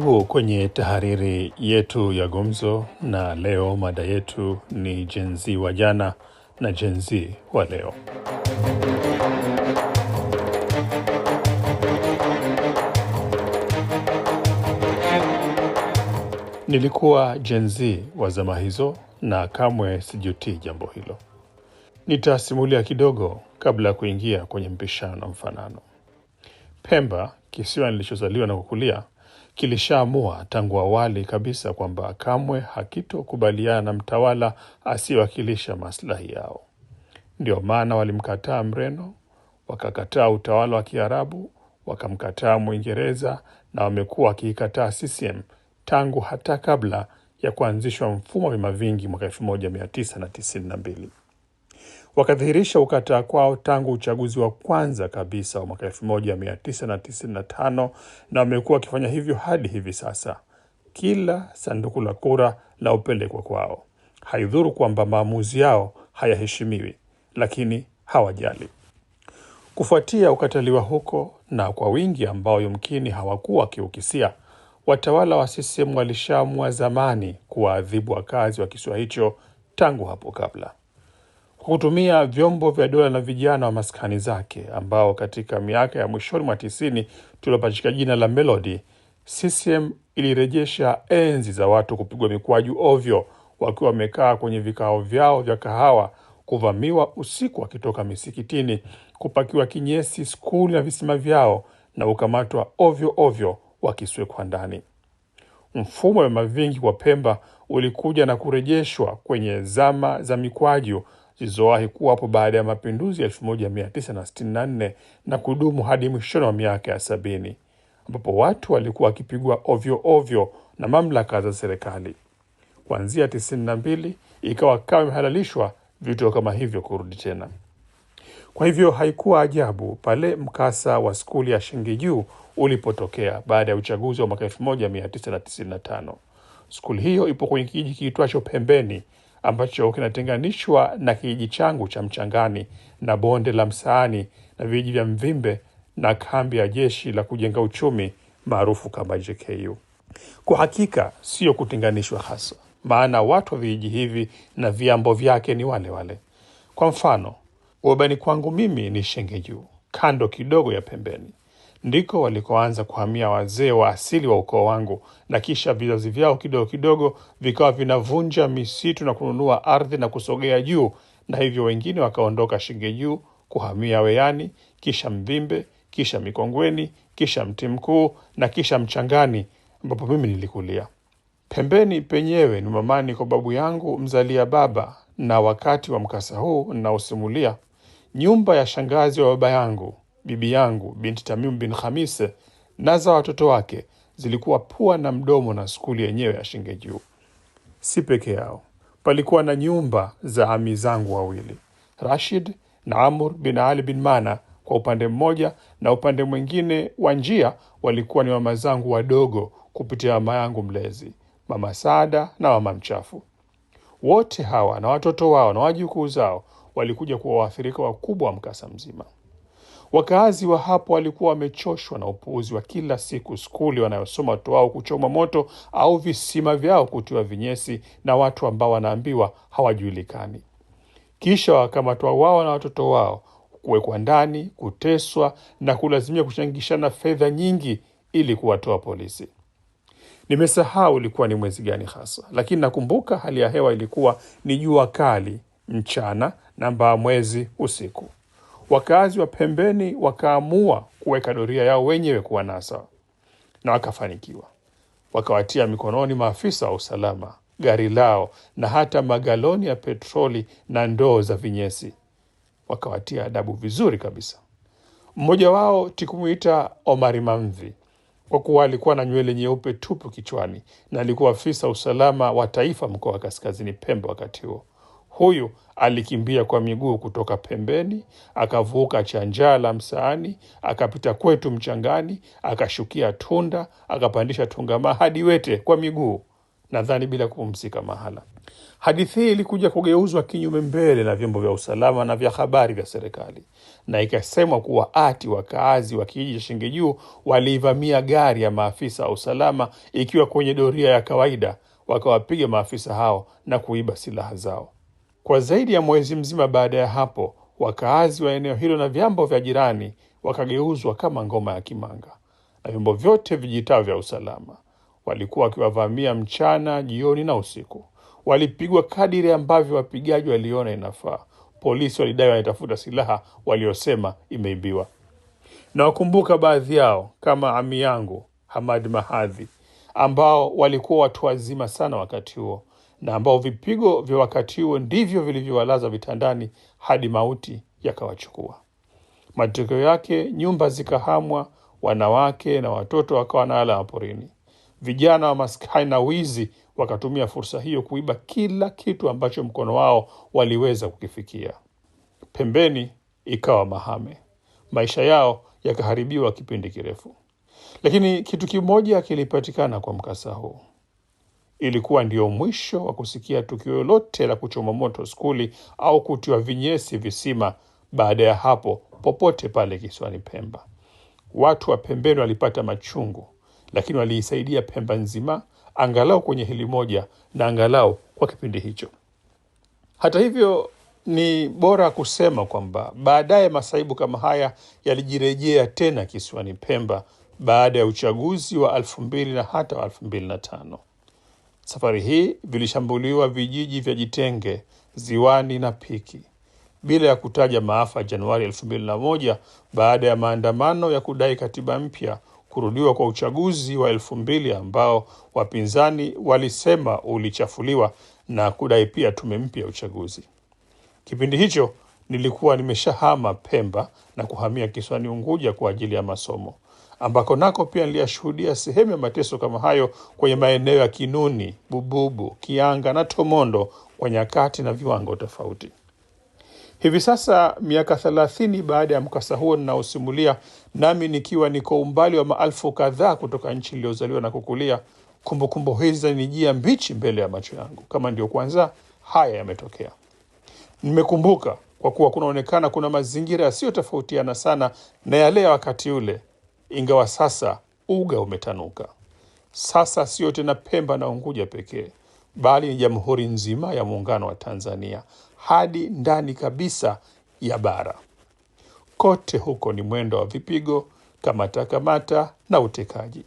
Karibu kwenye tahariri yetu ya Gumzo, na leo mada yetu ni jenzi wa jana na jenzi wa leo. Nilikuwa jenzi wa zama hizo na kamwe sijutii jambo hilo. Nitasimulia kidogo kabla ya kuingia kwenye mpishano mfanano. Pemba, kisiwa nilichozaliwa na kukulia kilishaamua tangu awali kabisa kwamba kamwe hakitokubaliana na mtawala asiyewakilisha maslahi yao. Ndio maana walimkataa Mreno, wakakataa utawala wa Kiarabu, wakamkataa Mwingereza na wamekuwa wakiikataa CCM tangu hata kabla ya kuanzishwa mfumo wa vyama vingi mwaka mbili wakadhihirisha ukataa kwao tangu uchaguzi wa kwanza kabisa wa mwaka 1995 na wamekuwa wakifanya hivyo hadi hivi sasa. Kila sanduku la kura la upelekwa kwao. Haidhuru kwamba maamuzi yao hayaheshimiwi, lakini hawajali. Kufuatia ukataliwa huko na kwa wingi ambao yumkini hawakuwa wakiukisia, watawala wa CCM walishaamua zamani kuwaadhibu wakazi wa kisiwa hicho tangu hapo kabla kwa kutumia vyombo vya dola na vijana wa maskani zake ambao katika miaka ya mwishoni mwa tisini tuliopachika jina la Melody. CCM ilirejesha enzi za watu kupigwa mikwaju ovyo wakiwa wamekaa kwenye vikao vyao vya kahawa, kuvamiwa usiku wakitoka misikitini, kupakiwa kinyesi skuli na visima vyao na kukamatwa ovyo ovyo wakiswekwa ndani. Mfumo wa vyama vingi wa Pemba ulikuja na kurejeshwa kwenye zama za mikwaju zilizowahi kuwapo baada ya mapinduzi ya 1964 na kudumu hadi mwishoni wa miaka ya sabini ambapo watu walikuwa wakipigwa ovyo ovyo na mamlaka za serikali. Kuanzia 92 ikawa kama imehalalishwa vituo kama hivyo kurudi tena. Kwa hivyo haikuwa ajabu pale mkasa wa skuli ya Shingi Juu ulipotokea baada ya uchaguzi wa mwaka 1995. Skuli hiyo ipo kwenye kijiji kiitwacho Pembeni ambacho kinatenganishwa na kijiji changu cha Mchangani na bonde la Msaani na vijiji vya Mvimbe na kambi ya jeshi la kujenga uchumi maarufu kama JKU. Kwa hakika sio kutenganishwa hasa, maana watu wa vijiji hivi na viambo vyake ni wale wale. Kwa mfano, uabani kwangu mimi ni Shenge Juu, kando kidogo ya pembeni ndiko walikoanza kuhamia wazee wa asili wa ukoo wangu, na kisha vizazi vyao kidogo kidogo vikawa vinavunja misitu na kununua ardhi na kusogea juu, na hivyo wengine wakaondoka Shinge Juu kuhamia Weyani, kisha Mvimbe, kisha Mikongweni, kisha Mti Mkuu na kisha Mchangani ambapo mimi nilikulia. Pembeni penyewe ni mamani kwa babu yangu mzalia baba, na wakati wa mkasa huu ninaosimulia, nyumba ya shangazi wa baba yangu bibi yangu binti Tamim bin Khamis na za watoto wake zilikuwa pua na mdomo na skuli yenyewe ya shinge juu. Si peke yao, palikuwa na nyumba za ami zangu wawili Rashid na Amr bin Ali bin Mana kwa upande mmoja, na upande mwingine wa njia walikuwa ni mama zangu wadogo kupitia mama yangu mlezi, mama Saada na mama Mchafu. Wote hawa na watoto wao na wajukuu zao walikuja kuwa waathirika wakubwa wa mkasa mzima. Wakaazi wa hapo walikuwa wamechoshwa na upuuzi wa kila siku, skuli wanayosoma watoto wao kuchoma moto au visima vyao kutiwa vinyesi na watu ambao wanaambiwa hawajulikani, kisha wakamatwa wao na watoto wao, kuwekwa ndani, kuteswa na kulazimia kushangishana fedha nyingi ili kuwatoa polisi. Nimesahau ilikuwa ni mwezi gani hasa, lakini nakumbuka hali ya hewa ilikuwa ni jua kali mchana na mbaa mwezi usiku. Wakazi wa pembeni wakaamua kuweka doria yao wenyewe kuwa nasa na wakafanikiwa. Wakawatia mikononi maafisa wa usalama, gari lao na hata magaloni ya petroli na ndoo za vinyesi. Wakawatia adabu vizuri kabisa. Mmoja wao tikumuita Omari Mamvi kwa kuwa alikuwa na nywele nyeupe tupu kichwani na alikuwa afisa usalama wa taifa mkoa wa Kaskazini Pemba wakati huo. Huyu alikimbia kwa miguu kutoka pembeni, akavuka chanjaa la msaani, akapita kwetu mchangani, akashukia Tunda, akapandisha tungamaa hadi Wete kwa miguu, nadhani bila kupumzika mahala. Hadithi hii ilikuja kugeuzwa kinyume mbele na vyombo vya usalama na vya habari vya serikali, na ikasemwa kuwa ati wakaazi wa kijiji cha Shinge Juu waliivamia gari ya maafisa wa usalama ikiwa kwenye doria ya kawaida, wakawapiga maafisa hao na kuiba silaha zao. Kwa zaidi ya mwezi mzima baada ya hapo, wakaazi wa eneo hilo na vyambo vya jirani wakageuzwa kama ngoma ya kimanga na vyombo vyote vijitao vya usalama. Walikuwa wakiwavamia mchana, jioni na usiku. Walipigwa kadiri ambavyo wapigaji waliona inafaa. Polisi walidai wanaitafuta silaha waliosema imeibiwa. Nawakumbuka baadhi yao kama ami yangu Hamad Mahadhi ambao walikuwa watu wazima sana wakati huo, na ambao vipigo vya wakati huo ndivyo vilivyowalaza vitandani hadi mauti yakawachukua. Matokeo yake, nyumba zikahamwa, wanawake na watoto wakawa nalala porini. Vijana wa maskani na wizi wakatumia fursa hiyo kuiba kila kitu ambacho mkono wao waliweza kukifikia. Pembeni ikawa mahame, maisha yao yakaharibiwa kipindi kirefu. Lakini kitu kimoja kilipatikana kwa mkasa huu. Ilikuwa ndiyo mwisho wa kusikia tukio lote la kuchoma moto skuli au kutiwa vinyesi visima. Baada ya hapo, popote pale kisiwani Pemba, watu wa pembeni walipata machungu, lakini waliisaidia Pemba nzima, angalau kwenye hili moja na angalau kwa kipindi hicho. Hata hivyo, ni bora kusema kwamba baadaye masaibu kama haya yalijirejea tena kisiwani Pemba baada ya uchaguzi wa elfu mbili na hata wa elfu mbili na tano. Safari hii vilishambuliwa vijiji vya Jitenge, Ziwani na Piki, bila ya kutaja maafa ya Januari 2001 baada ya maandamano ya kudai katiba mpya, kurudiwa kwa uchaguzi wa 2000 ambao wapinzani walisema ulichafuliwa na kudai pia tume mpya ya uchaguzi. Kipindi hicho nilikuwa nimeshahama Pemba na kuhamia kiswani Unguja kwa ajili ya masomo ambako nako pia niliyashuhudia sehemu ya mateso kama hayo kwenye maeneo ya Kinuni, Bububu, Kianga na Tomondo kwa nyakati na viwango tofauti. Hivi sasa miaka thelathini baada ya mkasa huo ninaosimulia, nami nikiwa niko umbali wa maalfu kadhaa kutoka nchi iliyozaliwa na kukulia, kumbukumbu hizi zanijia mbichi mbele ya macho yangu, kama ndiyo kwanza haya yametokea. Nimekumbuka kwa kuwa kunaonekana kuna mazingira yasiyotofautiana sana na yale ya wakati ule, ingawa sasa uga umetanuka. Sasa siyo tena Pemba na Unguja pekee, bali ni jamhuri nzima ya muungano wa Tanzania hadi ndani kabisa ya bara. Kote huko ni mwendo wa vipigo, kamatakamata na utekaji,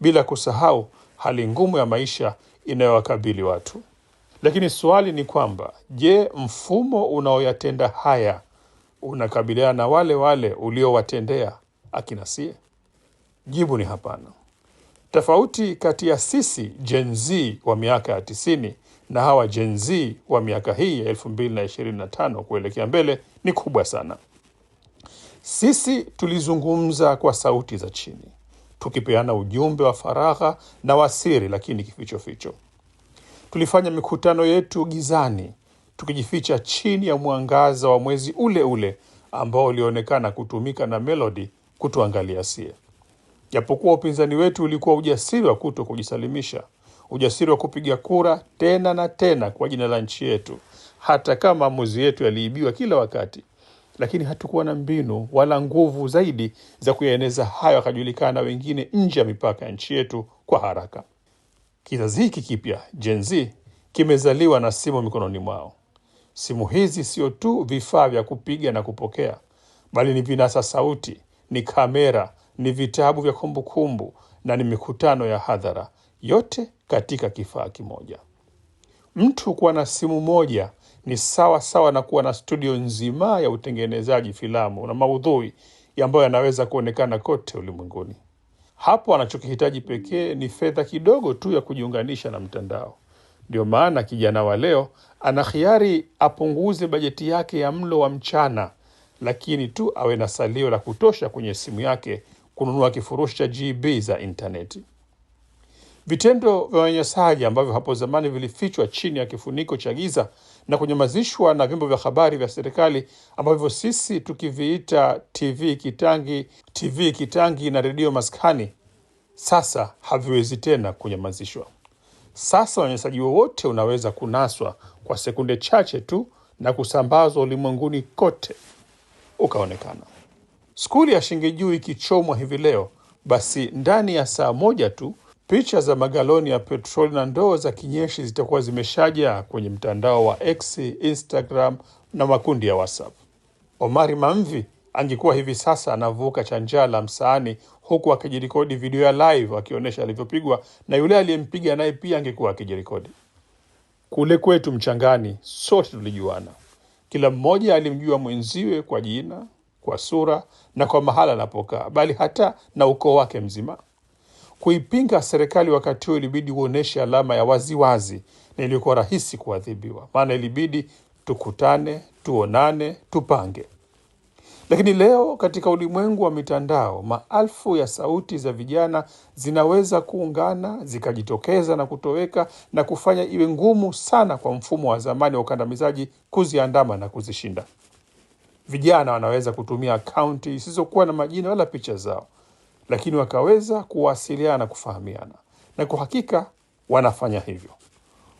bila kusahau hali ngumu ya maisha inayowakabili watu. Lakini swali ni kwamba, je, mfumo unaoyatenda haya unakabiliana na wale wale uliowatendea akinasie Jibu ni hapana. Tofauti kati ya sisi Gen Z wa miaka ya tisini na hawa Gen Z wa miaka hii ya tano kuelekea mbele ni kubwa sana. Sisi tulizungumza kwa sauti za chini, tukipeana ujumbe wa faragha na wasiri, lakini kifichoficho. Tulifanya mikutano yetu gizani, tukijificha chini ya mwangaza wa mwezi ule ule ambao ulionekana kutumika na Melody kutuangalia sie. Japokuwa upinzani wetu ulikuwa ujasiri wa kuto kujisalimisha, ujasiri wa kupiga kura tena na tena kwa jina la nchi yetu, hata kama maamuzi yetu yaliibiwa kila wakati, lakini hatukuwa na mbinu wala nguvu zaidi za kuyaeneza hayo akajulikana wengine nje ya mipaka ya nchi yetu kwa haraka. Kizazi hiki kipya Gen Z kimezaliwa na simu mikononi mwao. Simu hizi sio tu vifaa vya kupiga na kupokea, bali ni vinasa sauti ni kamera, ni vitabu vya kumbukumbu kumbu, na ni mikutano ya hadhara, yote katika kifaa kimoja. Mtu kuwa na simu moja ni sawa sawa na kuwa na studio nzima ya utengenezaji filamu na maudhui ambayo yanaweza kuonekana kote ulimwenguni. Hapo anachokihitaji pekee ni fedha kidogo tu ya kujiunganisha na mtandao. Ndio maana kijana wa leo ana hiari apunguze bajeti yake ya mlo wa mchana lakini tu awe na salio la kutosha kwenye simu yake kununua kifurushi cha GB za intaneti. Vitendo vya unyanyasaji ambavyo hapo zamani vilifichwa chini ya kifuniko cha giza na kunyamazishwa na vyombo vya habari vya serikali ambavyo sisi tukiviita TV kitangi, TV kitangi na redio maskani, sasa haviwezi tena kunyamazishwa. Sasa unyanyasaji wowote unaweza kunaswa kwa sekunde chache tu na kusambazwa ulimwenguni kote ukaonekana. Skuli ya juu ikichomwa hivi leo, basi ndani ya saa moja tu picha za magaloni ya petroli na ndoo za kinyeshi zitakuwa zimeshajaa kwenye mtandao wa X, Instagram na makundi ya WhatsApp. Omari Mamvi angekuwa hivi sasa anavuka chanjala msaani, huku akijirikodi video ya live akionyesha alivyopigwa, na yule aliyempiga naye pia angekuwa akijirikodi Kule kwetu mchangani, sote tulijuana. Kila mmoja alimjua mwenziwe kwa jina, kwa sura na kwa mahala anapokaa, bali hata na ukoo wake mzima. Kuipinga serikali wakati huo ilibidi uoneshe alama ya waziwazi -wazi, na ilikuwa rahisi kuadhibiwa, maana ilibidi tukutane, tuonane, tupange. Lakini leo katika ulimwengu wa mitandao, maelfu ya sauti za vijana zinaweza kuungana, zikajitokeza na kutoweka na kufanya iwe ngumu sana kwa mfumo wa zamani wa ukandamizaji kuziandama na kuzishinda. Vijana wanaweza kutumia akaunti zisizokuwa na majina wala picha zao, lakini wakaweza kuwasiliana na kufahamiana, na kwa hakika wanafanya hivyo.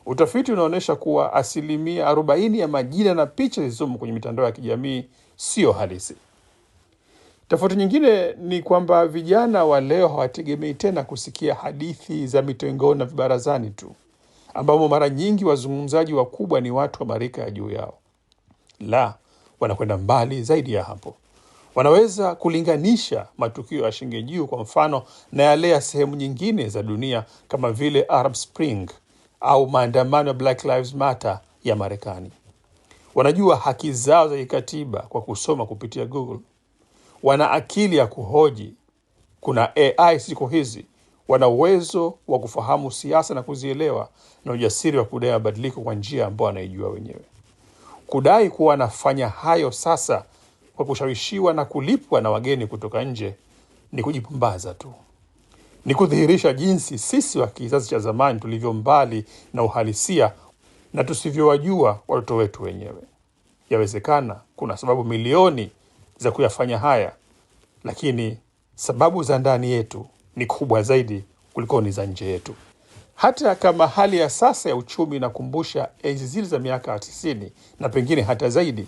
Utafiti unaonyesha kuwa asilimia 40 ya majina na picha zilizomo kwenye mitandao ya kijamii sio halisi. Tofauti nyingine ni kwamba vijana wa leo hawategemei tena kusikia hadithi za mitengoni na vibarazani tu, ambamo mara nyingi wazungumzaji wakubwa ni watu wa marika ya juu yao. La, wanakwenda mbali zaidi ya hapo. Wanaweza kulinganisha matukio ya shinge juu kwa mfano na yale ya sehemu nyingine za dunia kama vile Arab Spring au maandamano ya Black Lives Matter ya Marekani wanajua haki zao za kikatiba kwa kusoma kupitia Google, wana akili ya kuhoji. Kuna AI siku hizi, wana uwezo wa kufahamu siasa na kuzielewa, na ujasiri wa kudai mabadiliko kwa njia ambayo wanaijua wenyewe. Kudai kuwa wanafanya hayo sasa kwa kushawishiwa na kulipwa na wageni kutoka nje ni kujipumbaza tu, ni kudhihirisha jinsi sisi wa kizazi cha zamani tulivyo mbali na uhalisia na tusivyowajua watoto wetu wenyewe. Yawezekana kuna sababu milioni za kuyafanya haya, lakini sababu za ndani yetu ni kubwa zaidi kuliko ni za nje yetu. Hata kama hali ya sasa ya uchumi inakumbusha enzi zile za miaka tisini na pengine hata zaidi,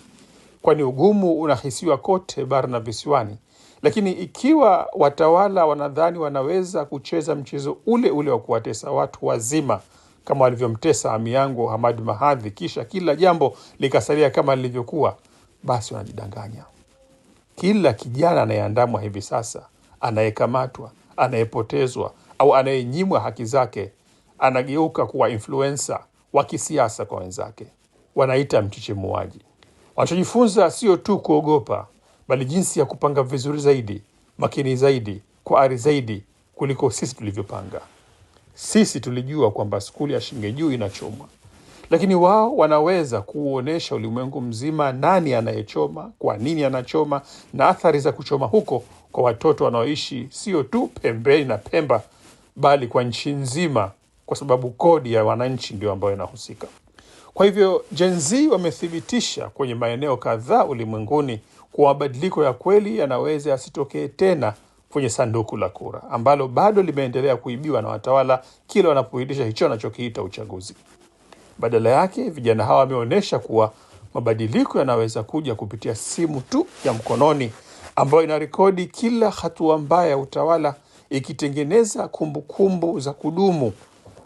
kwani ugumu unahisiwa kote bara na visiwani. Lakini ikiwa watawala wanadhani wanaweza kucheza mchezo ule ule wa kuwatesa watu wazima kama alivyomtesa ami yangu Hamad Mahadhi, kisha kila jambo likasalia kama lilivyokuwa, basi wanajidanganya. Kila kijana anayeandamwa hivi sasa, anayekamatwa, anayepotezwa au anayenyimwa haki zake, anageuka kuwa influensa wa kisiasa kwa wenzake, wanaita mchechemuaji. Wanachojifunza sio tu kuogopa, bali jinsi ya kupanga vizuri zaidi, makini zaidi, kwa ari zaidi kuliko sisi tulivyopanga. Sisi tulijua kwamba skuli ya Shinge Juu inachomwa, lakini wao wanaweza kuuonyesha ulimwengu mzima nani anayechoma, kwa nini anachoma, na athari za kuchoma huko kwa watoto wanaoishi sio tu pembeni na Pemba, bali kwa nchi nzima, kwa sababu kodi ya wananchi ndio ambayo inahusika. Kwa hivyo jenz wamethibitisha kwenye maeneo kadhaa ulimwenguni kuwa mabadiliko ya kweli yanaweza yasitokee tena kwenye sanduku la kura ambalo bado limeendelea kuibiwa na watawala kila wanapoitisha hicho wanachokiita uchaguzi. Badala yake, vijana hawa wameonyesha kuwa mabadiliko yanaweza kuja kupitia simu tu ya mkononi ambayo inarekodi kila hatua mbaya ya utawala, ikitengeneza kumbukumbu kumbu za kudumu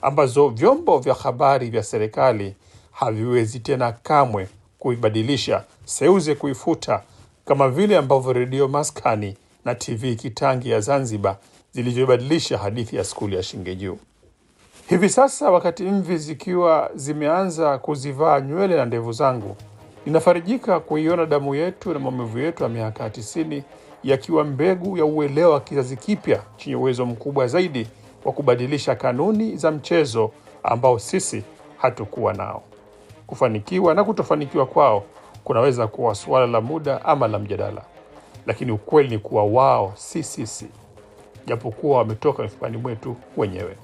ambazo vyombo vya habari vya serikali haviwezi tena kamwe kuibadilisha seuze kuifuta, kama vile ambavyo redio maskani na TV Kitangi ya Zanzibar zilivyobadilisha hadithi ya skuli ya shinge juu Hivi sasa wakati mvi zikiwa zimeanza kuzivaa nywele na ndevu zangu, ninafarijika kuiona damu yetu na maumivu yetu ya miaka tisini yakiwa mbegu ya uelewa wa kizazi kipya chenye uwezo mkubwa zaidi wa kubadilisha kanuni za mchezo ambao sisi hatukuwa nao. Kufanikiwa na kutofanikiwa kwao kunaweza kuwa suala la muda ama la mjadala lakini ukweli ni kuwa wao si sisi, japokuwa wametoka mifukani mwetu wenyewe.